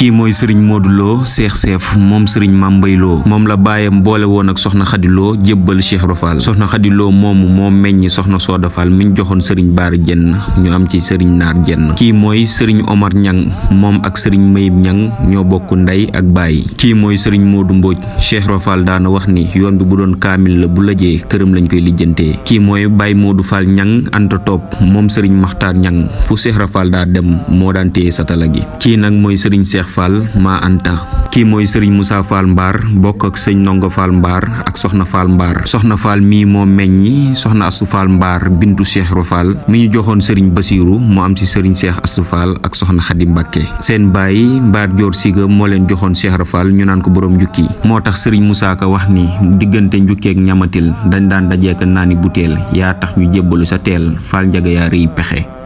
kii mooy sëriñ Modou Lo Seef moom sëriñ Mame Mbaye moom la baayam boole woon ak soxna Khady Lo jébbal Cheikh Ibra Fall soxna Khady moomu moo meññi soxna Sooda Fall mi joxoon sëriñ Baara Jenn ñu am ci sëriñ Naar Jenn kii mooy sëriñ Omar Ñang moom ak sëriñ Mayib ñaŋ ñoo bokk ndey ak baay kii mooy sëriñ Modou Mbodj Cheikh Ibra Fall daana wax ni yoon bi bu doon kaamil la bu lajee këram lañ koy lijjante kii mooy Baye Modou Fall Ñang Anta Top moom sëriñ Maxtaar Ñang fu Cheikh dem moo daan satala gi ki nak moy serigne Cheikh Fall ma anta ki moy serigne Moussa Fall Mbar bok ak serigne nongo Fall Mbar ak soxna Fall Mbar soxna Fall mi mo meñni soxna Astou Fall Mbar bintu Cheikh ro Fall mi ñu joxone serigne basirou mo am ci serigne Cheikh Astou Fall ak soxna khadim bakke sen bàyyi Mbar Joor Siga mo len joxone Cheikh ro Fall ñu nan ko borom jukki motax serigne Moussa Ka wax ni digeunte jukki ak ñamatil dañ daan dajeeka nani boutel ya tax ñu jébalu sa tel Fall jaga ya pexé